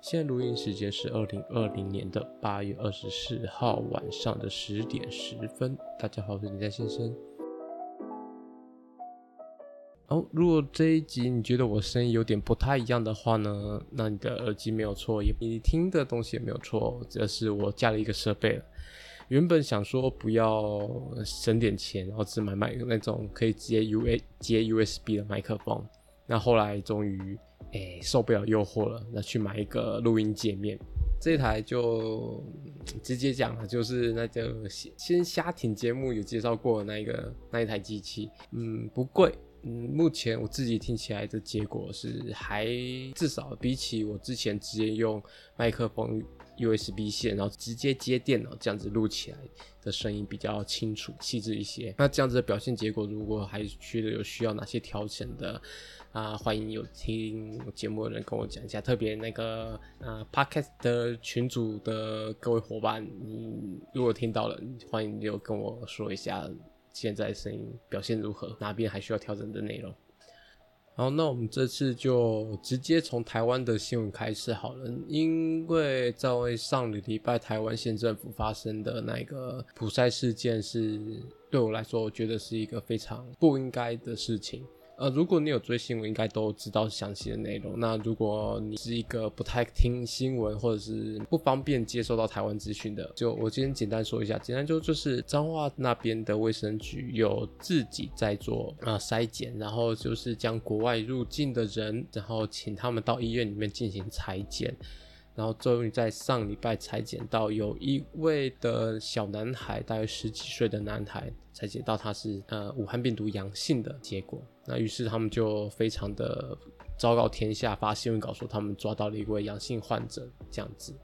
現在錄音時間是二零二零年的八月二十四號晚上的十點十分。大家好，我是林佳先生。哦，如果這一集你覺得我聲音有點不太一樣的話呢，那你的耳機沒有錯，也你聽的東西也沒有錯，只是我加了一個設備。原本想說不要省點錢，然後只買買那種可以直接 U A 接 U S B 的麥克風，那後來終於。哎，受不了誘惑了，那去買一個錄音介面。這一台就直接講了，就是那個先先瞎聽節目有介紹過的那個那一台機器，嗯，不貴，嗯，目前我自己聽起來的結果是還至少比起我之前直接用麥克風。U S B 線，然後直接接電腦，這樣子錄起來的聲音比較清楚、細緻一些。那這樣子的表現結果如，如果還覺得有需要哪些調整的，啊、呃，歡迎有聽節目的人跟我講一下。特別那個啊、呃，Podcast 的群組的各位夥伴，你如果聽到了，你歡迎就跟我說一下現在聲音表現如何，哪邊還需要調整的內容。好，那我們這次就直接從台灣的新聞開始好了，因為在上個禮拜台灣縣政府發生的那個普篩事件是，是對我來說，我覺得是一個非常不應該的事情。呃，如果你有追新聞，應該都知道詳細的內容。那如果你是一個不太聽新聞，或者是不方便接收到台灣資訊的，就我今天簡單說一下。簡單就就是彰化那邊的衛生局有自己在做呃篩檢，然後就是將國外入境的人，然後請他們到醫院裡面進行採檢。然後終於在上禮拜採檢到有一位的小男孩，大約十幾歲的男孩。才接到他是呃武漢病毒陽性的結果，那於是他們就非常的昭告天下，發新聞稿說他們抓到了一位陽性患者這樣子。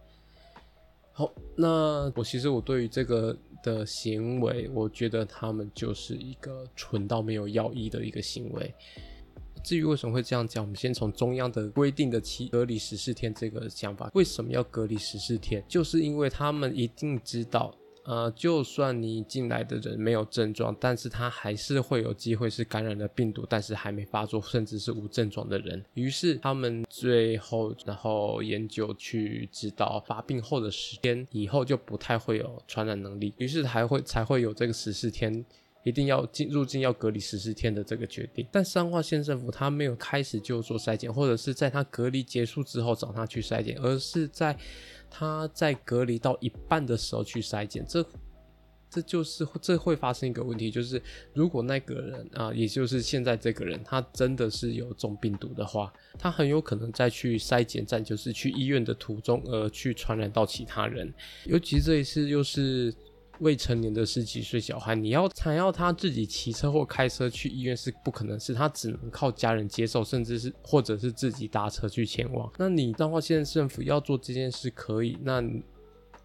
好，那我其實我對於這個的行為，我覺得他們就是一個蠢到沒有藥醫的一個行為。至於為什麼會這樣講，我們先從中央的規定的期隔離十四天這個講法，為什麼要隔離十四天？就是因為他們一定知道。呃，就算你進來的人沒有症狀，但是他還是會有機會是感染了病毒，但是還沒發作，甚至是無症狀的人。於是他們最後，然後研究去知道發病後的時間以後就不太會有傳染能力，於是才會才會有這個十四天。一定要進入境要隔離十四天的這個決定，但彰化縣政府他沒有開始就做篩檢，或者是在他隔離結束之後找他去篩檢，而是在他在隔離到一半的時候去篩檢，這這就是這會發生一個問題，就是如果那個人啊，也就是現在這個人，他真的是有中病毒的話，他很有可能再去篩檢站，就是去醫院的途中而去傳染到其他人，尤其這一次又是。未成年的十幾歲小孩，你要想要他自己騎車或開車去醫院是不可能的事，是他只能靠家人接送，甚至是或者是自己搭車去前往。那你的話，現在政府要做這件事，可以那。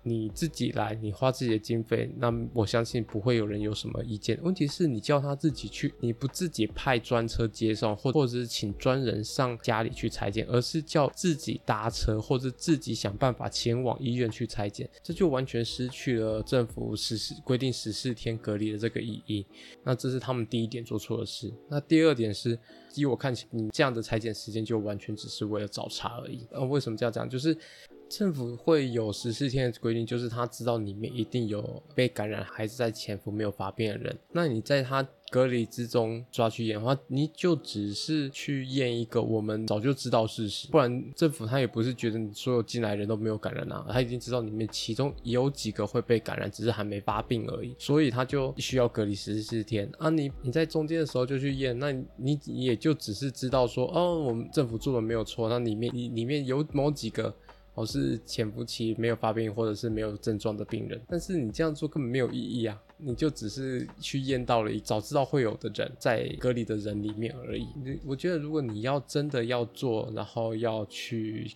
你自己來，你花自己的經費，那我相信不會有人有什麼意見。問題是你叫他自己去，你不自己派專車接送，或或者是請專人上家裡去採檢，而是叫自己搭車或者自己想辦法前往醫院去採檢，這就完全失去了政府實施規定十四天隔離的這個意義。那這是他們第一點做錯的事。那第二點是，依我看，你這樣的採檢時間就完全只是為了找茬而已。呃、啊，為什麼這樣講？就是。政府會有十四天的規定，就是他知道裡面一定有被感染還是在潛伏沒有發病的人。那你在他隔離之中抓去驗的話，你就只是去驗一個我們早就知道事實，不然政府他也不是覺得你所有進來人都沒有感染啊，他已經知道裡面其中有幾個會被感染，只是還沒發病而已，所以他就需要隔離十四天。啊，你你在中間的時候就去驗，那你你也就只是知道說，哦，我們政府做的沒有錯，那裡面你裡面有某幾個。我是潛伏期沒有發病或者是沒有症狀的病人，但是你這樣做根本沒有意義啊！你就只是去驗到了早知道會有的人在隔離的人裡面而已。我我覺得如果你要真的要做，然後要去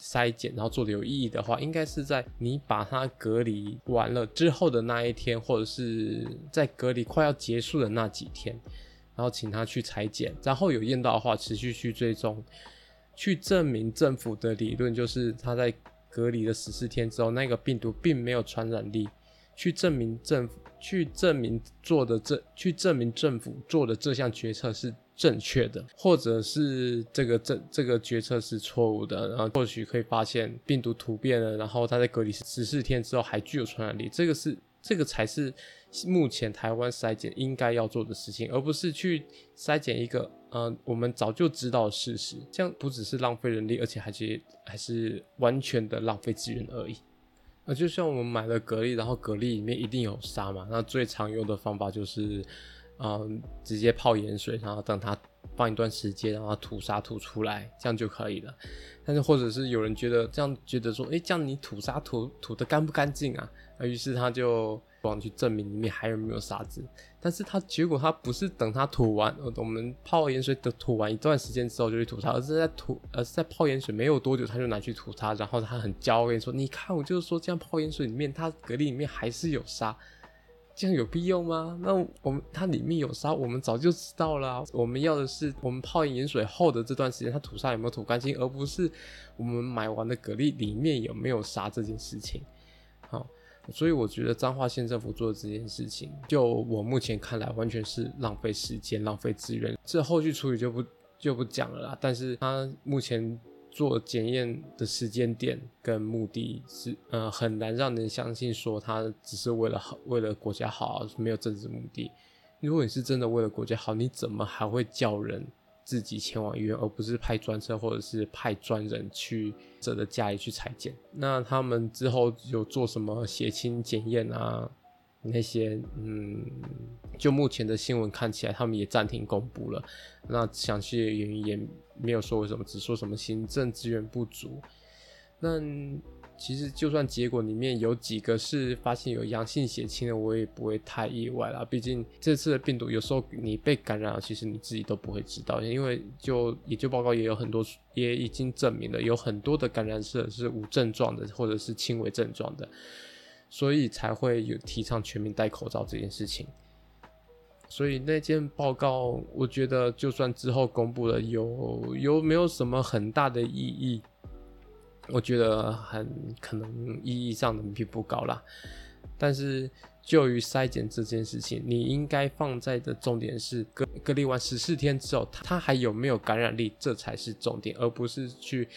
篩檢，然後做的有意義的話，應該是在你把他隔離完了之後的那一天，或者是在隔離快要結束的那幾天，然後請他去採檢，然後有驗到的話，持續去追蹤。去證明政府的理論，就是他在隔離了十四天之後，那個病毒並沒有傳染力。去證明政府，去證明做的這，去證明政府做的這項決策是正確的，或者是這個這這個決策是錯誤的。然後或許可以發現病毒突變了，然後他在隔離十四天之後還具有傳染力。這個是，這個才是目前台灣篩檢應該要做的事情，而不是去篩檢一個。嗯、呃，我們早就知道事實，這樣不只是浪費人力，而且還是還是完全的浪費資源而已。那，就像我們買了蛤蜊，然後蛤蜊裡面一定有沙嘛，那最常用的方法就是，嗯、呃，直接泡鹽水，然後等它放一段時間，然後吐沙吐出來，這樣就可以了。但是或者是有人覺得這樣，覺得說，誒，這樣你吐沙吐吐得乾不乾淨啊？啊，於是他就。去證明裡面還有沒有沙子，但是他結果他不是等他吐完，我們泡鹽水的吐完一段時間之後就去吐沙，而是在吐，而是在泡鹽水沒有多久他就拿去吐沙，然後他很驕傲的說：“你看，我就是說這樣泡鹽水裡面，它蛤蜊裡面還是有沙，這樣有必要嗎？那我們它裡面有沙，我們早就知道了啊。我們要的是我們泡鹽水後的這段時間它吐沙有沒有吐乾淨，而不是我們買完的蛤蜊裡面有沒有沙這件事情。”好。所以我覺得彰化縣政府做的這件事情，就我目前看來，完全是浪費時間、浪費資源。這後續處理就不就不講了啦。但是它目前做檢驗的時間點跟目的是，呃，很難讓人相信說它只是為了好，為了國家好，沒有政治目的。如果你是真的為了國家好，你怎麼還會叫人？自己前往醫院，而不是派專車或者是派專人去者的家裡去採檢。那他們之後有做什麼血清檢驗啊？那些嗯，就目前的新聞看起來，他們也暫停公布了，那詳細的原因也沒有說為什麼，只說什麼行政資源不足。那其實，就算結果裡面有幾個是發現有陽性血清的，我也不會太意外啦。畢竟，這次的病毒有時候你被感染了，其實你自己都不會知道，因為就研究報告也有很多，也已經證明了有很多的感染者是無症狀的，或者是輕微症狀的，所以才會有提倡全民戴口罩這件事情。所以那件報告，我覺得就算之後公布了有，有有沒有什麼很大的意義？我覺得很可能意義上的並不高啦，但是就於篩檢這件事情，你應該放在的重點是隔隔離完十四天之後，他他還有沒有感染力，這才是重點，而不是去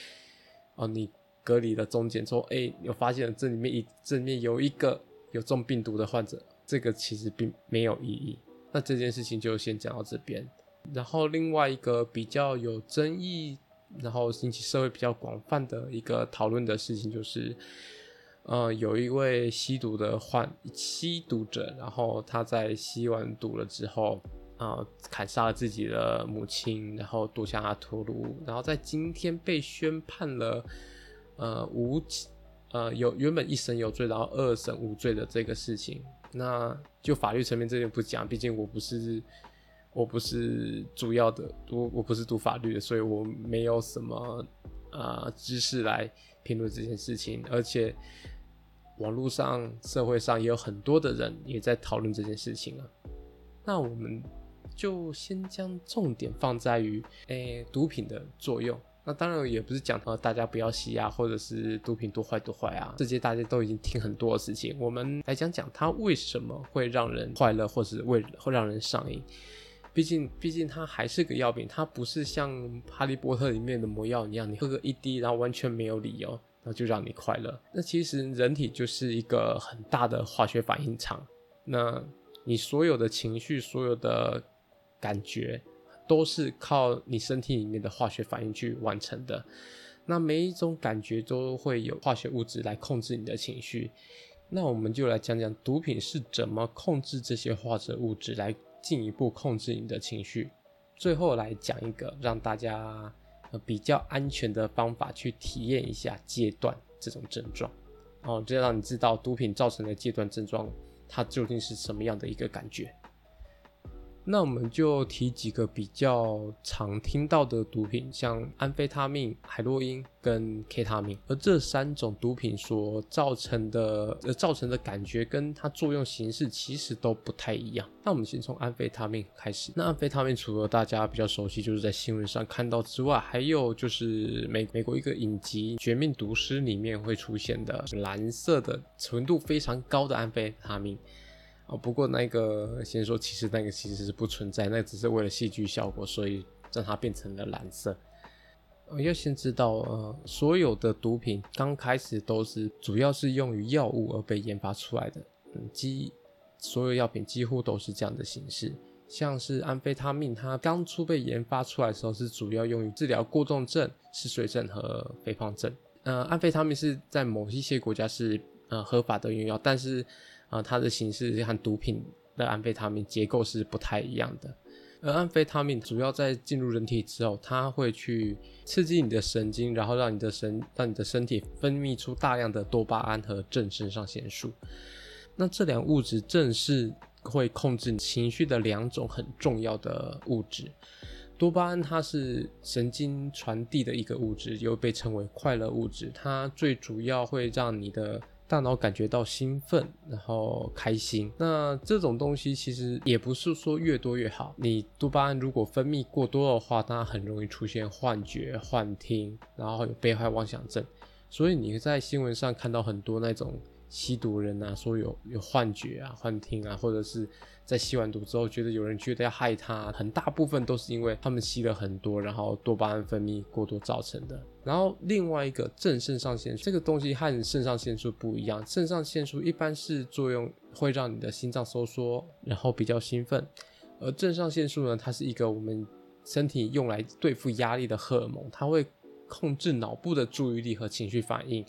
哦你隔離的中間說，哎，有發現了這裡面一這裡面有一個有中病毒的患者，這個其實並沒有意義。那這件事情就先講到這邊，然後另外一個比較有爭議。然後引起社會比較廣泛的一個討論的事情，就是，呃，有一位吸毒的患吸毒者，然後他在吸完毒了之後，啊、呃，砍殺了自己的母親，然後奪下他頭顱，然後在今天被宣判了，呃無，呃有原本一審有罪，然後二審無罪的這個事情，那就法律層面這邊不講，畢竟我不是，我不是主要的，我我不是讀法律的，所以我沒有什麼啊、呃、知識來評論這件事情。而且網絡上、社會上也有很多的人也在討論這件事情啊。那我們就先將重點放在於，誒，毒品的作用。那當然也不是講說、呃、大家不要吸啊，或者是毒品多壞多壞啊，這些大家都已經聽很多的事情。我們來講講它為什麼會讓人快樂，或者是為會讓人上癮。畢竟，畢竟它還是個藥品，它不是像《哈利波特》裡面的魔藥一樣，你喝個一滴，然後完全沒有理由，那就讓你快樂。那其實人體就是一個很大的化學反應場，那你所有的情緒、所有的感覺，都是靠你身體裡面的化學反應去完成的。那每一種感覺都會有化學物質來控制你的情緒。那我們就來講講毒品是怎麼控制這些化學物質來。進一步控制你的情緒。最後來講一個讓大家呃比較安全的方法，去體驗一下戒斷這種症狀，哦，就讓你知道毒品造成的戒斷症狀它究竟是什麼樣的一個感覺。那我們就提幾個比較常聽到的毒品，像安非他命、海洛因跟 K 他命。而這三種毒品所造成的呃造成的感覺跟它作用形式其實都不太一樣。那我們先從安非他命開始。那安非他命除了大家比較熟悉就是在新聞上看到之外，還有就是美美國一個影集《絕命毒師》裡面會出現的藍色的純度非常高的安非他命。哦，不過那個先說，其實那個其實是不存在，那只是為了戲劇效果，所以讓它變成了藍色。呃，要先知道，呃，所有的毒品剛開始都是主要是用於藥物而被研發出來的，嗯，幾所有藥品幾乎都是這樣的形式，像是安非他命，它剛出被研發出來的時候是主要用於治療過動症、嗜睡症和肥胖症。呃，安非他命是在某一些國家是呃合法的用藥，但是。啊，它的形式和毒品的安非他命結構是不太一樣的。而安非他命主要在進入人體之後，它會去刺激你的神經，然後讓你的神讓你的身體分泌出大量的多巴胺和正腎上腺素。那這兩物質正是會控制你情緒的兩種很重要的物質。多巴胺它是神經傳遞的一個物質，又被稱為快樂物質。它最主要會讓你的大腦感覺到興奮，然後開心。那這種東西其實也不是說越多越好。你多巴胺如果分泌過多的話，它很容易出現幻覺、幻聽，然後有被害妄想症。所以你在新聞上看到很多那種吸毒人啊，說有有幻覺啊、幻聽啊，或者是。在吸完毒之後，覺得有人覺得要害他，很大部分都是因為他們吸了很多，然後多巴胺分泌過多造成的。然後另外一個正腎上腺素，這個東西和腎上腺素不一樣。腎上腺素一般是作用會讓你的心臟收縮，然後比較興奮；而正腎上腺素呢，它是一個我們身體用來對付壓力的荷爾蒙，它會控制腦部的注意力和情緒反應。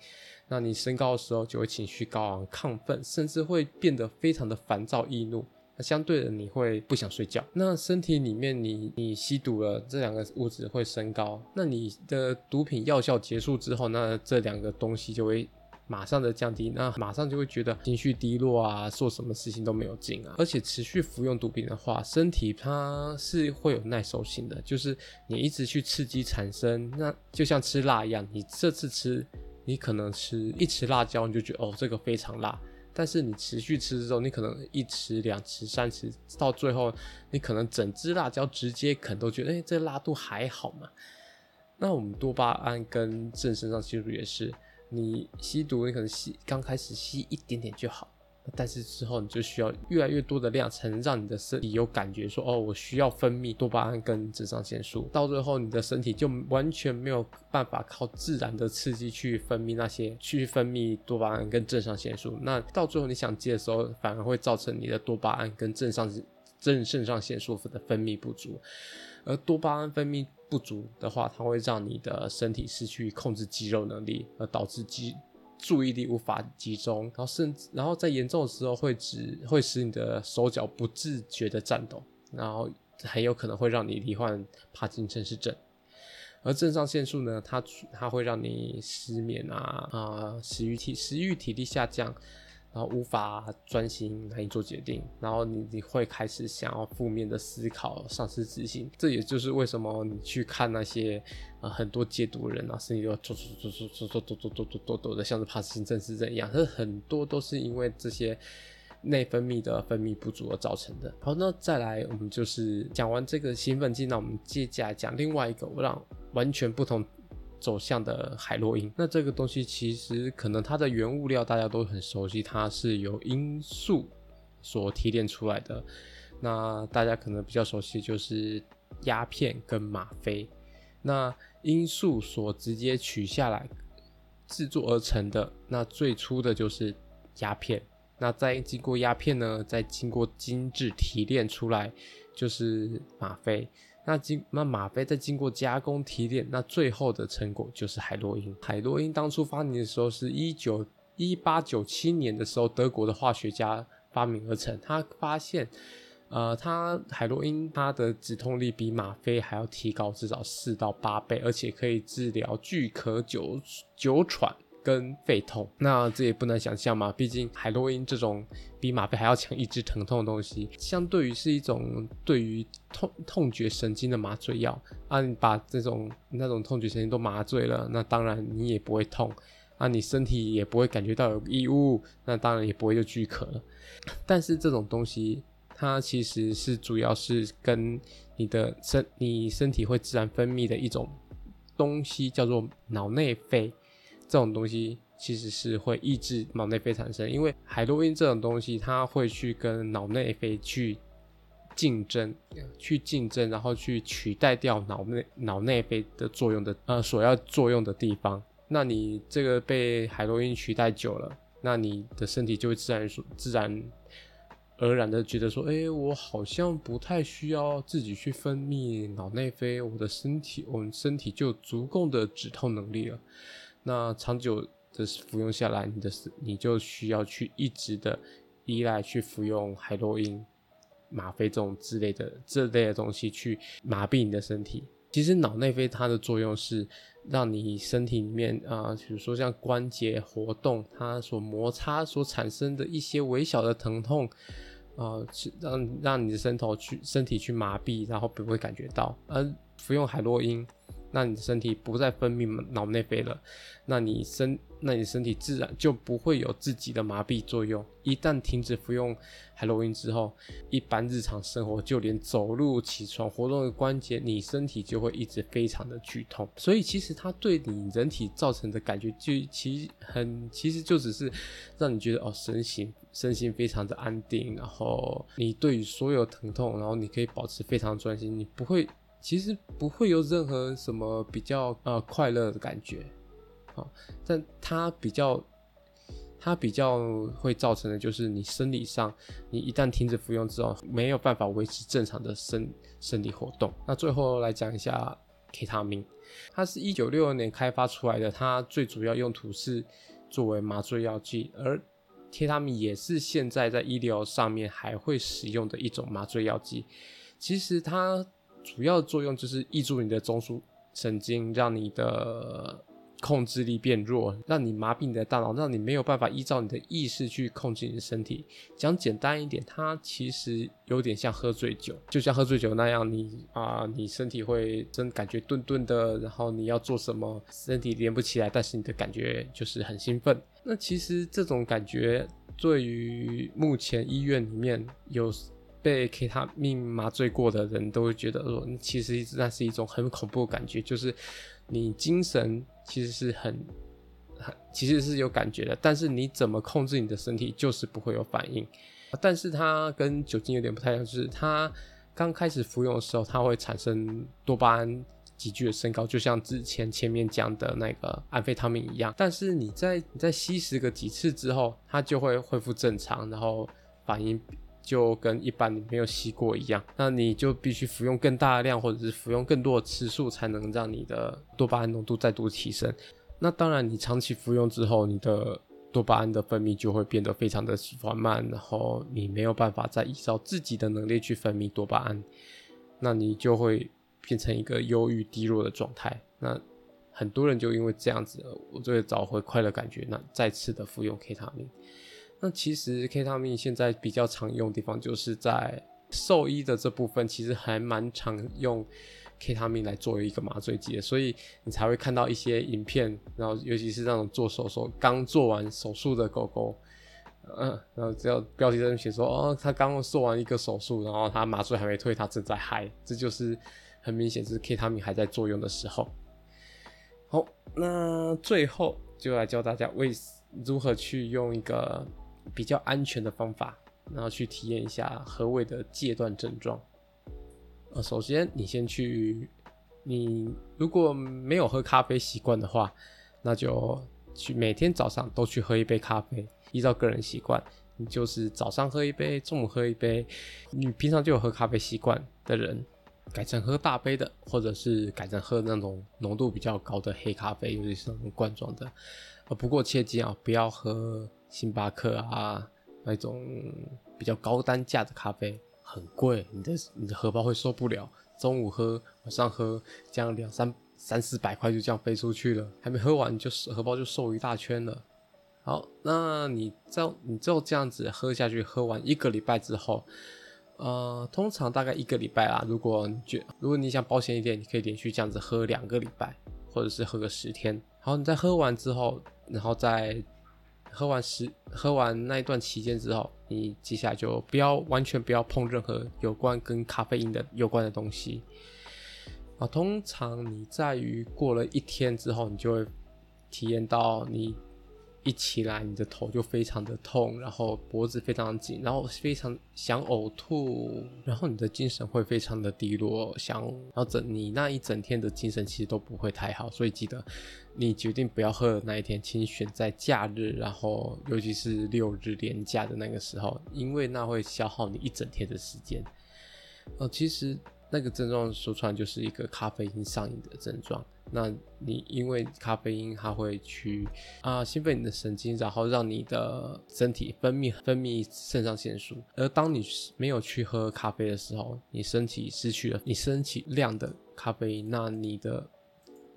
那你升高的時候，就會情緒高昂、亢奮，甚至會變得非常的煩躁、易怒。相對的，你會不想睡覺。那身體裡面你，你你吸毒了，這兩個物質會升高。那你的毒品藥效結束之後，那這兩個東西就會馬上的降低。那馬上就會覺得情緒低落啊，做什麼事情都沒有勁啊。而且持續服用毒品的話，身體它是會有耐受性的，就是你一直去刺激產生，那就像吃辣一樣，你這次吃，你可能吃一吃辣椒，你就覺得哦，這個非常辣。但是你持續吃之後，你可能一吃、兩吃、三吃，到最後你可能整隻辣椒直接啃都覺得，哎，這辣度還好嘛。那我們多巴胺跟正腎上腺素也是，你吸毒，你可能吸剛開始吸一點點就好。但是之後你就需要越來越多的量，才能讓你的身體有感覺說哦，我需要分泌多巴胺跟腎上腺素。到最後你的身體就完全沒有辦法靠自然的刺激去分泌那些，去分泌多巴胺跟腎上腺素。那到最後你想戒的時候，反而會造成你的多巴胺跟腎上腎腎上腺素的分泌不足。而多巴胺分泌不足的話，它會讓你的身體失去控制肌肉能力，而導致肌。注意力無法集中，然後甚至，然後在嚴重的時候會使會使你的手腳不自覺的顫抖，然後很有可能會讓你罹患帕金森氏症。而腎上腺素呢，它它會讓你失眠啊啊、呃，食慾體食慾體力下降。然後無法專心，來做決定，然後你你會開始想要負面的思考，喪失自信。這也就是為什麼你去看那些啊、呃、很多戒毒人啊，身體都抖抖抖抖抖抖抖抖抖抖抖的，像是帕金森氏症一樣。這很多都是因為這些內分泌的分泌不足而造成的。好，那再來，我們就是講完這個興奮劑，那我們接下來講另外一個，我讓完全不同。走向的海洛因，那這個東西其實可能它的原物料大家都很熟悉，它是由罌粟所提煉出來的。那大家可能比較熟悉就是鴉片跟嗎啡，那罌粟所直接取下來製作而成的。那最初的就是鴉片，那再經過鴉片呢，再經過精緻提煉出來就是嗎啡。那經那嗎啡再經過加工提煉，那最後的成果就是海洛因。海洛因當初發明的時候是一九一八九七年的時候，德國的化學家發明而成。他發現，呃，他海洛因它的止痛力比嗎啡還要提高至少四到八倍，而且可以治療巨咳、久久喘、跟肺痛，那這也不難想像嘛。畢竟海洛因這種比嗎啡還要強抑制疼痛的東西，相對於是一種對於痛痛覺神經的麻醉藥啊。你把這種那種痛覺神經都麻醉了，那當然你也不會痛啊，你身體也不會感覺到有異物，那當然也不會就劇咳了。但是這種東西，它其實是主要是跟你的身你身體會自然分泌的一種東西叫做腦內啡。這種東西其實是會抑制腦內啡產生，因為海洛因這種東西，它會去跟腦內啡去競爭，去競爭，然後去取代掉腦內腦內啡的作用的呃所要作用的地方。那你這個被海洛因取代久了，那你的身體就會自然自然而然的覺得說，哎、欸，我好像不太需要自己去分泌腦內啡，我的身體我們身體就有足夠的止痛能力了。那長久的服用下來，你的，你就需要去一直的依賴去服用海洛因、嗎啡這種之類的這類的東西去麻痹你的身體。其實腦內啡它的作用是讓你身體裡面啊、呃，比如說像關節活動，它所摩擦所產生的一些微小的疼痛啊、呃，讓讓你的身體去身體去麻痹，然後不會，不會感覺到。而服用海洛因。那你的身體不再分泌腦內啡了，那你身那你身體自然就不會有自己的麻痹作用。一旦停止服用海洛因之後，一般日常生活就連走路、起床、活動的關節，你身體就會一直非常的劇痛。所以其實它對你人體造成的感覺，就其實很其實就只是讓你覺得哦，身心身心非常的安定，然後你對於所有疼痛，然後你可以保持非常專心，你不會。其實不會有任何什麼比較、呃、快樂的感覺、哦，但它比較，它比較會造成的就是你生理上，你一旦停止服用之後，沒有辦法維持正常的生生理活動。那最後來講一下，K 他命，它是一九六二年開發出來的，它最主要用途是作為麻醉藥劑，而 K 他命也是現在在醫療上面還會使用的一種麻醉藥劑。其實它。主要作用就是抑制你的中樞神經，讓你的控制力變弱，讓你麻痹你的大腦，讓你沒有辦法依照你的意識去控制你的身體。講簡單一點，它其實有點像喝醉酒，就像喝醉酒那樣你，你、呃、啊，你身體會真感覺頓頓的，然後你要做什麼，身體連不起來，但是你的感覺就是很興奮。那其實這種感覺對於目前醫院裡面有。被 K 他命麻醉過的人都會覺得，說其實那是一種很恐怖的感覺，就是你精神其實是很、很其實是有感覺的，但是你怎麼控制你的身體，就是不會有反應、啊。但是它跟酒精有點不太一樣，就是它剛開始服用的時候，它會產生多巴胺急劇的升高，就像之前前面講的那個安非他命一樣。但是你在你在吸食個幾次之後，它就會恢復正常，然後反應。就跟一般你沒有吸過一樣，那你就必須服用更大的量，或者是服用更多的次數，才能讓你的多巴胺濃度再度提升。那當然，你長期服用之後，你的多巴胺的分泌就會變得非常的緩慢，然後你沒有辦法再依照自己的能力去分泌多巴胺，那你就會變成一個憂鬱低落的狀態。那很多人就因為這樣子，我就會找回快樂感覺，那再次的服用 K 他命。那其實 K 他命現在比較常用的地方，就是在獸醫的這部分，其實還蠻常用 K 他命來作為一個麻醉劑的，所以你才會看到一些影片，然後尤其是那種做手術剛做完手術的狗狗，嗯，然後只要標題上面寫說哦，他剛做完一個手術，然後他麻醉還沒退，他正在嗨，這就是很明顯是 K 他命還在作用的時候。好，那最後就來教大家為如何去用一個。比較安全的方法，然後去體驗一下何謂的戒斷症狀。呃，首先你先去，你如果沒有喝咖啡習慣的話，那就去每天早上都去喝一杯咖啡。依照個人習慣，你就是早上喝一杯，中午喝一杯。你平常就有喝咖啡習慣的人，改成喝大杯的，或者是改成喝那種濃度比較高的黑咖啡，尤其是那種罐裝的。呃，不過切記啊，不要喝。星巴克啊，那種比較高單價的咖啡很貴，你的你的荷包會受不了。中午喝，晚上喝，這樣兩三三四百塊就這樣飛出去了，還沒喝完你就是荷包就瘦一大圈了。好，那你照你，你就這樣子喝下去，喝完一個禮拜之後，呃，通常大概一個禮拜啊。如果你覺如果你想保險一點，你可以連續這樣子喝兩個禮拜，或者是喝個十天。好，你再喝完之後，然後再。喝完十，喝完那一段期間之後，你接下來就不要完全不要碰任何有關跟咖啡因的有關的東西。啊，通常你在於過了一天之後，你就會體驗到你。一起來，你的頭就非常的痛，然後脖子非常緊，然後非常想嘔吐，然後你的精神會非常的低落，想，然後整你那一整天的精神其實都不會太好，所以記得，你決定不要喝的那一天，請選在假日，然後尤其是六日連假的那個時候，因為那會消耗你一整天的時間。呃、哦，其實。那個症狀說出來就是一個咖啡因上癮的症狀。那你因為咖啡因，它會去啊興奮你的神經，然後讓你的身體分泌分泌腎上腺素。而當你沒有去喝咖啡的時候，你身體失去了你身體量的咖啡因，那你的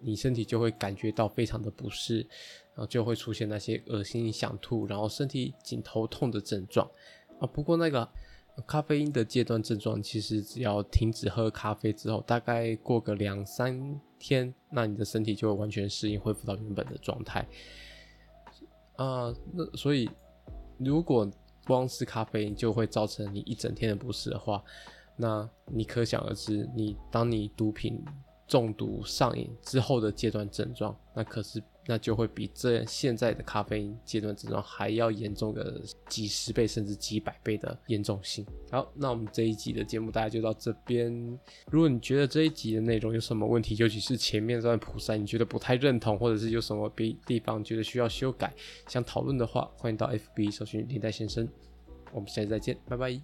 你身體就會感覺到非常的不適，然後就會出現那些噁心、想吐，然後身體緊、頭痛的症狀。啊，呃，不過那個。咖啡因的戒斷症狀，其實只要停止喝咖啡之後，大概過個兩三天，那你的身體就會完全適應，恢復到原本的狀態。啊、呃，那所以如果光吃咖啡因就會造成你一整天的不適的話，那你可想而知，你當你毒品中毒上癮之後的戒斷症狀，那可是。那就會比這現在的咖啡因戒斷症狀還要嚴重個幾十倍甚至幾百倍的嚴重性。好，那我們這一集的節目大家就到這邊。如果你覺得這一集的內容有什麼問題，尤其是前面這段普篩，你覺得不太認同，或者是有什麼地地方覺得需要修改，想討論的話，歡迎到 FB 搜尋林黛先生。我們下期再見，拜拜。